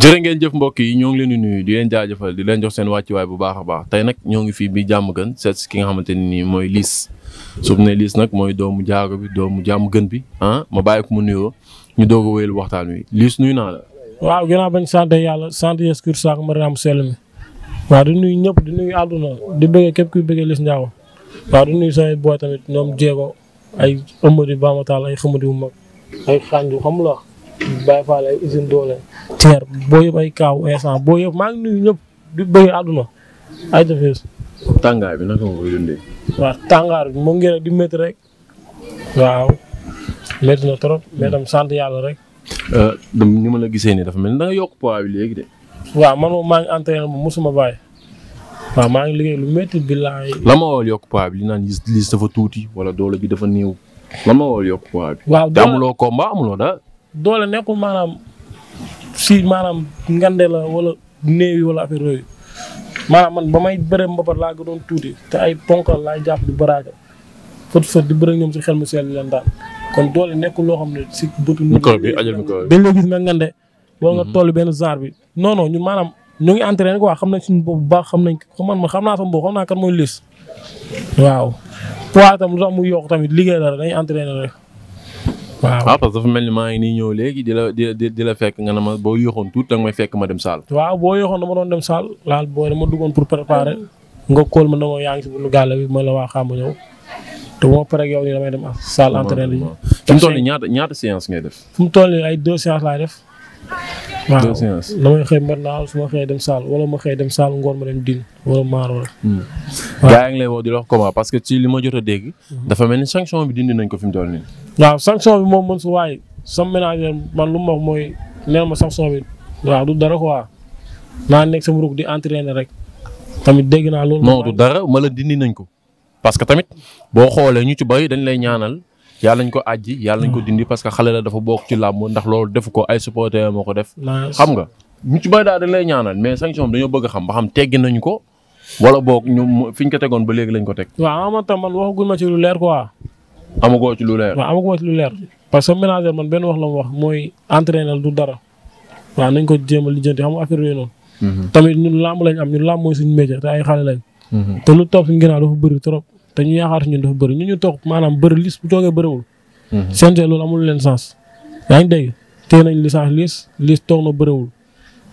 jëre ngeen jëf mbokk yi ñoo ngi leen di nuyu di leen jaajëfal di leen jox seen wàccuwaay bu baax a baax tey nag ñoo ngi fii bi jàmm gën seet ki nga xamante ne nii mooy Liss su ne liis nag mooy doomu jaago bi doomu jàmm gën bi ah ma bàyyi ko nuyoo ñu doog a wéyal waxtaan wi Liss nuyu naa la. waaw ginnaaw bañ sant yàlla sant Yeesu Kirist ak Mariam sell mi waaw di nuyu ñëpp di nuyu àdduna di bëggee képp kuy bëggee Liss Ndiago waaw di nuyu tamit ñoom jéego ay ëmmëri baamataal ay xamadi bu mag ay xam la bàyyi faale ay usine doole teer boo yëpp ay kaaw instant boo yëpp maa ngi nuyu ñëpp di bëgg àdduna ay defees tàngaay bi naka nga koy dundee. waaw tàngaar bi mu ngi rek waaw métti na trop mais tam sant yàlla rek. Euh, ni ma la gisee nii dafa mel ni da yokk poids bi léegi de. waaw man maa ngi entraîné moom mosuma waaw maa ngi liggéey lu métti bi la lan ma woo yokk poids li naan lii dafa tuuti wala doole ji dafa néew. lan ma woo yokk poids te amuloo combat amuloo daal. doole nekkul maanaam si maanaam ngande la wala néew wala affaire yooyu maanaam man ba may bëre mbapat laa gënoon tuuti te ay ponkal laay jàpp di baraaja fët fët di bëre ñoom si xel mu seel leen daan kon doole nekkul loo xam ne si bëtu. micro bi ajal gis nga ngande. wala nga mhm. benn genre bi. non non ñun maanaam ñu ngi entraîné quoi xam nañ suñu bopp bu baax xam nañ ko man ma xam naa sama bopp xam naa kan mooy liis. waaw poids tam lu tax mu yokk tamit liggéey la dañu dañuy entraîné rek. waaw waaw ah, parce que dafa mel ni maa ngi ni ñëw léegi di la di di la fekk nga ne ma boo yéexoon tuut da may fekk ma dem saal. waaw boo yéexoon dama doon dem saal laal booy dama duggoon pour préparer nga kóol ma ne ma yaa ngi si bu nu gàll bi ma la waa xam ma ñëw te bu ma pareeg yow nii damay dem saal ah, entraîné. fi mu toll ñaata ñaata séance ngay def. fi mu toll nii ay deux séances laay def. waaw damay xëy mbar naa su ma xëy dem saal wala ma xëy dem saal ngoor ma dem din wala maaro la hmm. gaa ngi lay woo di la wax comment parce que ci li ma jot a dégg hmm. dafa mel ni sanction dindi nañ ko fi mu toll nii moom man su waaye sama ménagère man lu ma mooy neel ma sanction bi waaw du dara quoi naa nekk sama ruk di entraîner rek tamit dégg naa loolu non du dara ma la dindi nañ ko parce que tamit boo xoolee ñu ci bari dañ lay ñaanal yàlla nañ ko àjji yàlla nañ ko ah. dindi parce que xale la dafa bokk ci làmb ndax loolu defu ko ay supporter moo ko def. xam nga mu ci bay daal dañ lay ñaanal mais sanction dañoo bëgg a xam ba xam teggi ma ci lu leer quoi. amagoo ci lu leer. waaw amaguma ci lu leer parce que manager man benn wax la mu wax mooy entraîneur du dara waaw nañ ko jéem a lijjanti xam nga affaire yooyu noonu. Mhm. tamit ñun làmb lañ am ñun làmb mooy suñu mhm. te lu topp suñu ginnaaw dafa bëri trop. te ñu yaakaar ñun dafa bëri ñu ñu toog maanaam bëri lis bu toogee bëriwul. CNG mhm. loolu amul leen sens. yaa ngi dégg téye nañ licence liis lis toog na bëriwul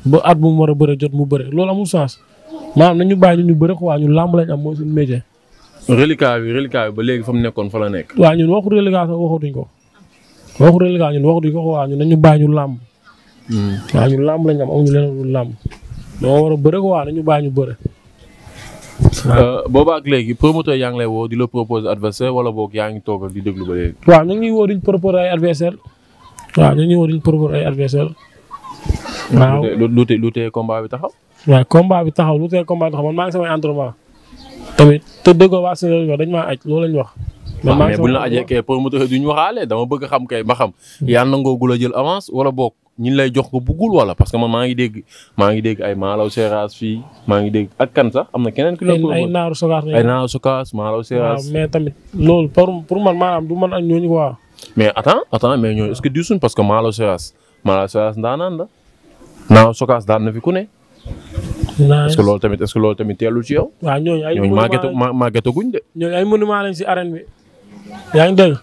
ba at bu mu war a bëri jot mu bëre loolu amul sens maanaam nañu bàyyi ñu ko waa ñu làmb lañ am mooy suñu métier. reliquat bi reliquat bi ba léegi fa mu nekkoon fa la nekk. waaw ñun waxu reliquat sax waxatuñ ko waxu reliquat ñun waxatuñ ko waaw ñun nañu bàyyi ñu làmb. Mhm. waaw ñun làmb lañ am amuñu leneen lu dama war a bëri quoi nañu bàyyi ñu bëri Euh, boobaa ak léegi promoteur yaa ngi lay woo di la proposer adversaire wala boog yaa ngi toog di déglu ba léegi. waaw ñu ngi woo di ay adversaire waaw ñu ngi woo di proposer ay adversaire lu tee lu tee bi taxaw. waaw combat bi taxaw lu tee combat bi taxaw man maa ngi samay entraînement tamit te dëggoo waa Sénégal dañ maa aj loolu ñu wax. mais buñ la ajee kay promoteur du ñu waxaale dama bëgg xam kay ba xam. yaa nangoo gula jël avance wala boog ñi lay jox ko buggul wala parce que man maa ngi dégg maa ngi dégg ay maalaw séeraas fii maa ngi dégg ak kan sax am na keneen. ku la ko ay ay naaru sokaas mais tamit loolu pour pour man maanaam du man ak ñooñu quoi. mais attends attends mais ñooñu est-ce que diisuñ parce que maalaw séeraas maalaw séeraas ndaanaan la naaru sokaas daan na fi ku ne. est-ce tamit est tamit teelu ci yow. waaw ñooñu ay monument màggataguñ de. ñooñu ay si arène bi. yaa ngi dégg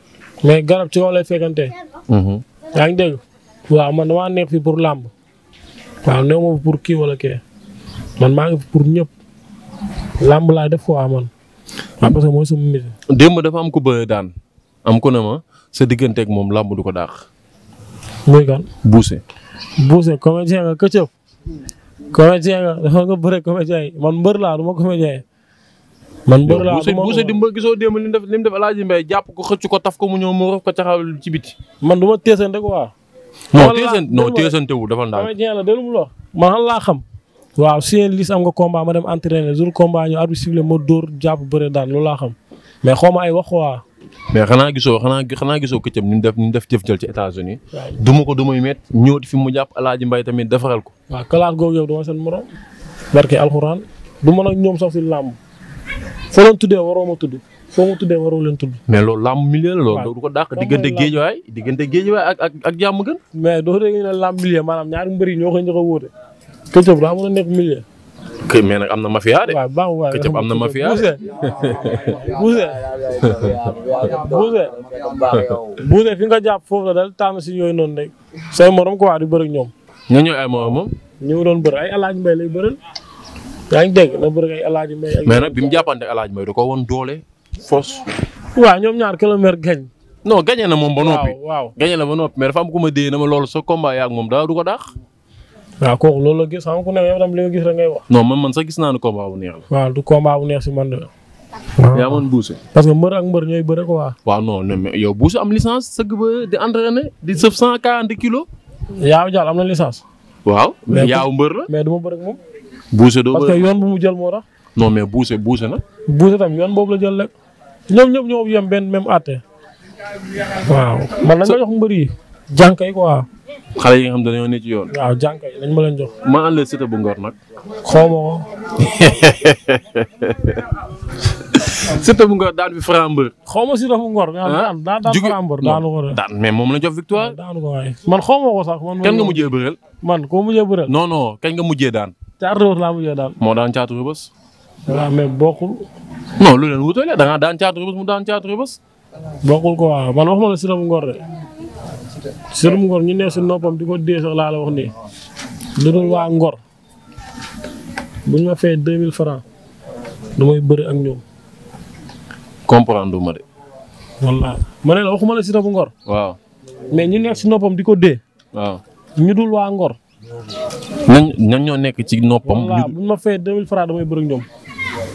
mais garab ci kaw lay fekkante. Mm-hmm. yaa ngi dégg waa man damaa nekk fi pour làmb waaw néew ma pour kii walla kee man maa ngi fi pour ñëpp làmb laay def waaw man waaw parce que mooy suñu métier. démb dafa am ku bëre daan am ko ne ma sa digganteeg moom làmb ko daax. muy kan. Bousse. Bousse comédien nga këccëf. comédien nga dafa nga bëre comédien yi man mbër laa du ma comédien yi man mbër laa du ma Bousse mbër gisoo démb li mu def li mu def Alaaji Mbay jàpp ko xëcc ko taf ko mu ñëw mu rëf ko caxal ci biti. man du ma teesante non téesante non téesante wu dafa ndànk. waaw jeen la déglu mu la man xam laa xam. waaw seen lis am nga combat ma dem entraîner jour combat ñu arbitre sifflé ma dóor jàpp bëre daan loolu laa xam mais xaw ma ay wax waa. mais xanaa gisoo xanaa xanaa gisoo këccam ñu def ñu def jëf jël ci États-Unis duma ko du may met ñëw fi mu jàpp Alaaji Mbay tamit defaral ko. waaw kalaas googu yow dama seen morom. barke alxuraan du ma nag ñoom sax si làmb. fa doon tuddee waroo ma tudd. foo mu tuddee waroo leen tudd. mais loolu làmb milieu la loolu. du ko dàq diggante géejuwaay diggante géejuwaay ak ak ak jàmm gën. mais doo dégg ñu ne làmb maanaam ñaari mbër ñoo koy njëkk a wóote. Ketchup daa mën nekk milieu. kay mais nag am na mafia de. waaw am na ma de. buuse buuse fi nga jàpp foofu la dal tànn si yooyu noonu rek. say morom ko waa di bëri ñoom. ñoo ñëw ay moom. ñu doon bëri ay alaaj mbay lay bëral. yaa ngi dégg na bëri ay alaaj mbay. mais nag bi mu jàppante alaaj mbay da ko woon doole force. waaw ñoom ñaar kilomètre gañ. no gañe na moom ba noppi. waaw waaw gañe na ba noppi mais dafa am ku ma dee na ma loolu sa combat moom daa du ko daax. waaw loolu la gis xam nga ku ne yow gis rek ngay wax. non man man gis naa ne combat bu neex la. waaw man de. yaa mën parce que mbër ak mbër ñooy bëre quoi. waaw non non mais yow buuse am licence sëgg ba di entraîner di sëf cent yaaw am na licence. waaw mais yaaw mbër la. mais du ma bëre ak moom. buuse doo bëre parce yoon bu mu jël moo tax. non mais buuse buuse na. buuse tam yoon boobu la jël rek. ñoom ñëpp ñoo yem benn même àtte. waaw man nañ ma jox mbër yi. jànkay quoi. xale yi nga xam ne dañoo ne ci yoon. waaw jànkay nañ ma leen jox. maa ànd bu Ngor nag. xaw ma ko. bu Ngor daan bi xaw ma Siteu bu Ngor. Ah? daan daan daan Franc mbër daanu ko daan mais moom la jox victoire. daanu ko waaye man xaw ma ko sax man. kan nga mujjee bëreel. man koo mujjee bëreel. non non kañ nga mujjee daan. caatu rëbës laa mujjee daan. moo daan caatu rëbës. waaw mais bokkul. non lu leen wutale da ngaa daan caatu rëbës mu daan caatu rëbës. bokkul ko waaw man waxuma la Siteu bu Ngor de. Siteu bu Ngor ñu ne si noppam di ko dee sax laa la wax nii. lu dul waa Ngor. bu ñu ma fayee deux mille francs du may bëri ak ñoom. comprendre ma de. wallaahi ma ne la waxuma la Siteu bu Ngor. waaw mais ñu nekk si noppam di ko dee. waaw ñu dul waa Ngor. ñan ñoo nekk ci noppam. ñu bu ñu ma fayee deux mille francs damay bëri ak ñoom.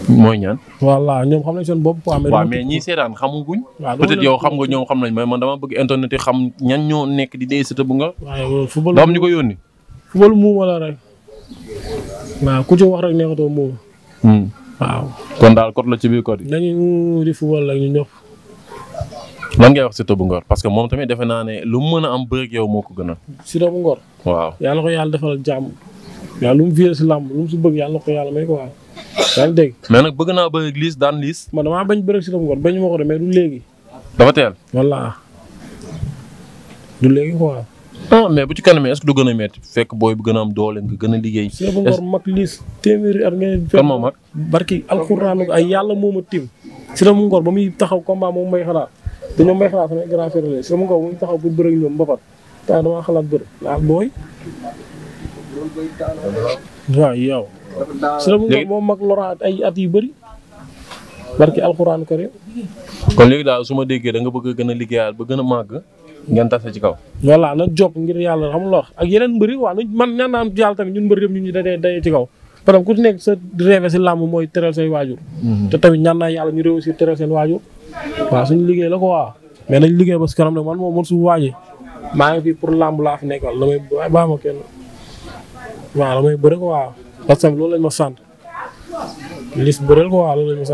mooy ñaan. voilà ñoom xam nañ seen bopp. waaw mais ñii seetaan xamuguñ. peut-être yow xam nga ñoom xam nañ mais man dama bëgg internet yi xam ñan ñoo nekk di dee sëtë bu nga. waaw football daam ñu ko yónni. football muuma ku ci wax rek hmm. kon daal kot la ci biir kot yi. nañu ñu ñëpp. lan ngay wax bu Ngor parce que moom tamit defe naa ne lu mën a am bëreeg moo ko gën a. yàlla ko yàlla defal jàmm. yàlla lu mu viré si làmb lu mu si bëgg yàlla ko yàlla may ko waaw. yaa ngi dégg mais nag bëgg naa bëri liis daan liis. man damaa bañ bëri si la mu war bañ ma ko de mais dafa teel. walla du léegi quoi. ah mais bu ci kanamee est du gën a métti fekk booy bu gën a am doole nga gën a liggéey. si la mu war mag liis téeméeri at ngeen. kan moo mag barki alxuraan ay yàlla moo ma tiim. si la mu ngor ba muy taxaw combat moom may xalaat te ñoom may xalaat samay grand frère la si la ngor ba muy taxaw pour bëri ñoom mbapat te damaa xalaat bëri laal booy. waaw yow. si la mu mag moom mag at yu bëri barki alxuraan karim kon léegi daal su ma déggee da nga bëgg a gën a liggéeyaal ba gën a màgg ngeen tase ci kaw voilà na job ngir yàlla xam loox ak yeneen mbëri waa na man ñaan naa yàlla tamit ñun mbëri yëpp ñu ñu dadee dayee ci ku ci nekk sa rêve si làmb mooy teral say waajur mhm. te tamit ñaan naa yàlla ñu réussir teral seen waajur waaw suñu liggéey la ko waa mais nañ liggéey ba si kanam ne man moom man su waajee maa ngi fii pour làmb laa fi nekkal damay baa ma kenn waaw damay bëri ko waaw parce que loolu lañ ma sant Liss Bëreel ko waaw loolu lañ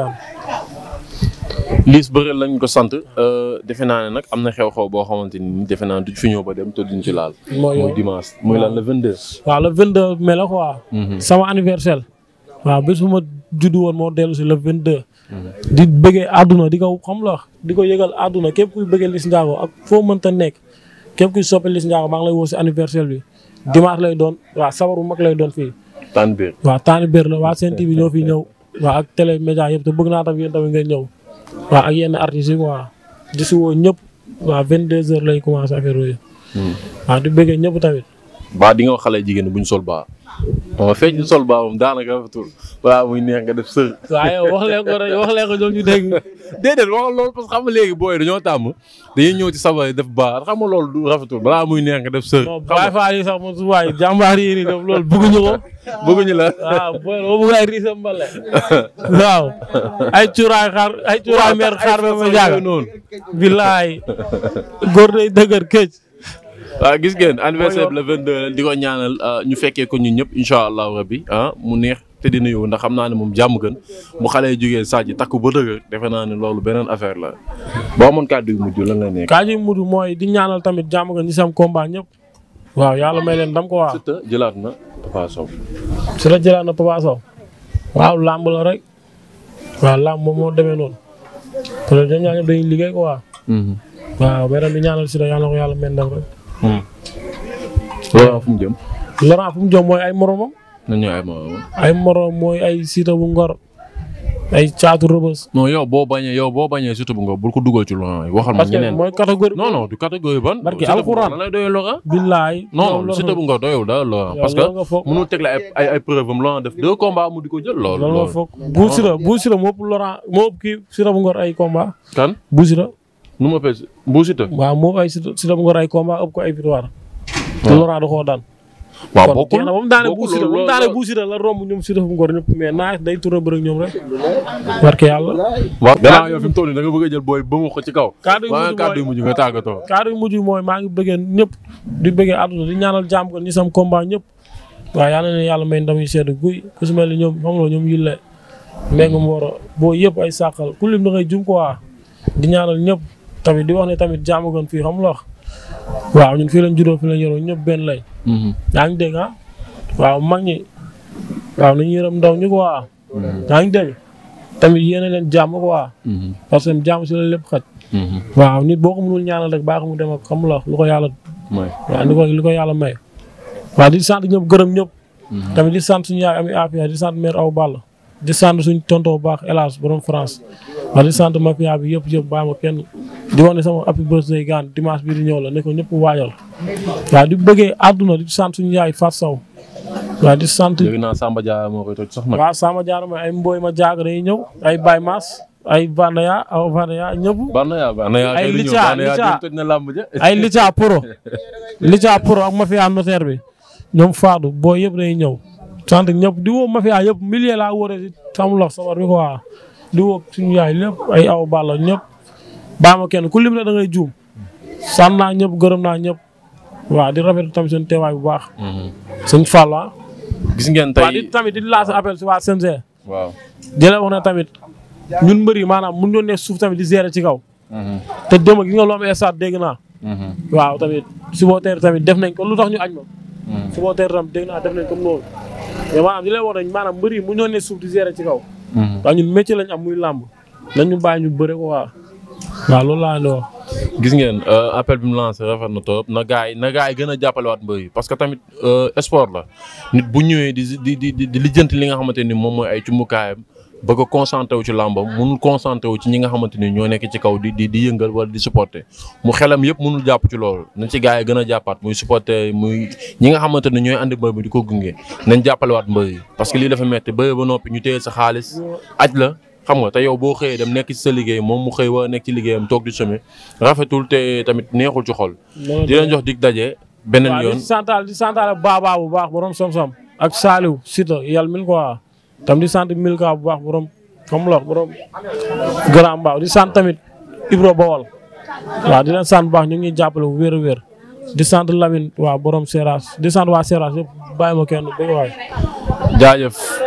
Bëreel lañ ko sant euh, defe naa ne nag am na xew boo xamante ni defe naa duñ fi ba dem te duñ ci laal. mooy dimanche mooy lan le 22. waaw le 22 mai la quoi. Mhm. sama anniversel waaw bés bu ma juddu woon moo dellu si vingt 22. Mhm. di bëggee àdduna di ko xam la di ko yëgal àdduna képp kuy bëggee Liss Ndiago ak foo mënta nekk képp kuy soppe Liss Ndiago maa ngi lay woo si anniversaire bi dimanche lay doon waa sabar bu mag lay doon fii. Tanbir. waaw Tanbir la waa Sen TV ñoo fi ñëw waaw ak télé média yëpp te bëgg naa tam yéen tamit ngeen ñëw waaw ak yenn artistes yi quoi di si ñëpp ñëpp waaw 22h lay commencé affaire yooyu. Hmm. waaw di bëggee ñëpp tamit. baa di nga wax xale jigéen bu ñu sol baa. waaw feeñ sol baabam daanaka rafetul waaw muy neex nga def sër. waaye wax leen ko rek wax leen ko ñoom ñu dégg déedéet waxal loolu parce que xam nga léegi booy dañoo tàmm dañuy ñëw ci sabar def baar xam nga loolu du rafetul balaa muy neex nga def sër. xam nga waaye sax moom su waay jàmbaar yi nii def loolu bëgguñu ko. bëgguñu la waaw booy la bëgg ay riisam mbale. waaw ay cuuraay xaar ay cuuraay mer xaar ba ma jaaga. bilaay góor day dëgër këj. waa gis ngeen anniversaire bi le 22 di ko ñaanal euh, ñu fekkee ko ñu ñëpp incha allahu rabbi ah, mu neex te di nuyu ndax xam naa ne moom jàmm gën bu xale yi jógee Sadji takku ba dëgër defe naa ne loolu beneen affaire la boo amoon kàddu yu mujj lan la nekk. kàddu yu mujj mooy di ñaanal tamit jàmm gën ñi sam combat ñëpp. waaw yàlla may leen ndam ko waaw. Siteu jëlaat na Papa Sow. Siteu jëlaat na Papa waaw làmb la rek. waaw làmb moom moo demee noonu. parce que ñoom mhm. yàlla ko yàlla Hmm. Laurent fu mu jëm. mu jëm mooy ay moromam. na ñëw ay moromam. ay morom mooy ay Siteu bu Ngor. ay caatu rëbës. non yow boo bañee yow boo bañee Siteu bu Ngor bul ko dugal ci Laurent waxal ma ñeneen. mooy catégorie. non non du bu Ngor doyul dara parce que mënu teg la ay ay ay preuve mu di ko jël bu Ngor ay combat kan bu Siteu nu ma pees bu Siteu. waaw moom ay Siteu Siteu mu ay combat ëpp ko ay victoire. te Laurent da koo daan. waaw bokkul bokkul moom daane bu Siteu moom daane bu Siteu la romb ñoom Siteu fu mu gor ñoom rek. barke yàlla. waaw gannaaw yow fi mu toll da bëgg a booy ba ko ci kaw. kaddu yu mujj tàggatoo. kaddu yu mujj mooy maa ngi bëggee ñëpp di bëggee àdduna di ñaanal jàmm ko ñi sam combat ñëpp. waaw yal na yàlla may ndam yu sedd guy ku si mel ni ñoom xam nga ñoom yille. nga mu war a boo yëpp ay sàqal ku lim da ngay jum quoi di ñaanal ñëpp tamit di wax ne tamit jàmmagoon fi xam loox waaw ñun fii la juddoo fii lañ yoroo ñëpp benn lay. Mm-hmm. yaa ngi dégg ah? waaw mag ñi waaw nañu yërëm ndaw ñu ko waa. yaa ngi tamit yéene leen jàmm ko waa. Mm-hmm. parce que jàmm si la lépp xaj. Mm-hmm. waaw nit boo ko mënul ñaanal rek baax mu dem ak xam la lu ko yàlla. li ko yàlla may. waaw di sant ñëpp gërëm ñëpp. tamit di sant suñu yaay ami afia di sant aw Balla. di sant suñ tonton bu baax hélas borom France wax di sant mafia bi yëpp yëpp bàyyi ma kenn di wax ne sama happy birthday gaan dimanche bii di ñëw la ne ko ñëpp waajal waa di bëggee àdduna di sant suñ yaay Fatou Sow waaw di sant dégg naa Samba Diarra moo koy toj mooy ay mbooy ma jaag day ñëw ay Baye Mass ay Vandaya aw Vandaya ñëpp ay Lica Lica ay Lica Poro Lica Poro ak bi ñoom Fadou boo yëpp day ñëw sant ñëpp di woo mafia yëpp millier a wóoree si sama lox sabar bi quoi di woo suñu yaay lépp ay aw balla ñëpp baa ma kenn ku lim rek da ngay juum sant ñëpp gërëm naa ñëpp waaw di rafetlu tamit seen teewaay bu baax. Mhm. sëñ Fallou ah. gis ngeen tey di di lancé appel si waa CNG. waaw na tamit ñun mbër yi maanaam mun ñoon ne suuf tamit di gérer ci kaw. Mhm. te démb gi nga loo amee stade dégg naa. Mhm. waaw tamit supporter tamit def nañ ko lu tax ñu añ ma. tamit dégg naa def nañ comme loolu. mais maanaam di leen wax rek maanaam mbër yi mu ñoo ne suuf di gérer ci kaw. ndax mhm. ñun métier lañ am muy làmb nañu bàyyi ñu bëre ko waa waaw loolu laa leen wax. gis ngeen euh, appel bi mu lancé rafet na trop na gars yi na gars gën a jàppalewaat mbër yi parce que tamit euh, sport la nit bu ñëwee di di di di lijjanti li nga xamante ni moom mooy ay cumukaayam bëgg a concentré wu ci làmbam mënul concentré wu ci ñi nga xamante ni ñoo nekk ci kaw di di di yëngal wala di supporter mu xelam yëpp mënul jàpp ci loolu nañ ci gars yi gën a jàppaat muy supporter muy ñi nga xamante ni ñooy andi mbër bi di ko gunge nañ jàppalewaat mbër yi parce que lii dafa metti bëre ba noppi ñu téye sa xaalis aj la xam nga te yow boo xëyee dem nekk ci sa liggéey moom mu xëy wa nekk ci liggéeyam toog di semi rafetul te tamit neexul ci xol di leen jox dig daje beneen yoon di santal di santal ak baabaa bu baax borom som-som ak saaliw sita yàlla min tam di sant Milka bu baax borom comme lox borom Grand Mbaaw di sant tamit Ibro Bawol waa di leen sant bu baax ñu ngi jàppale bu wér a wér di sant Lamine waa borom Seras di sant waa Seras yëpp ma kenn bëgg waay jaajëf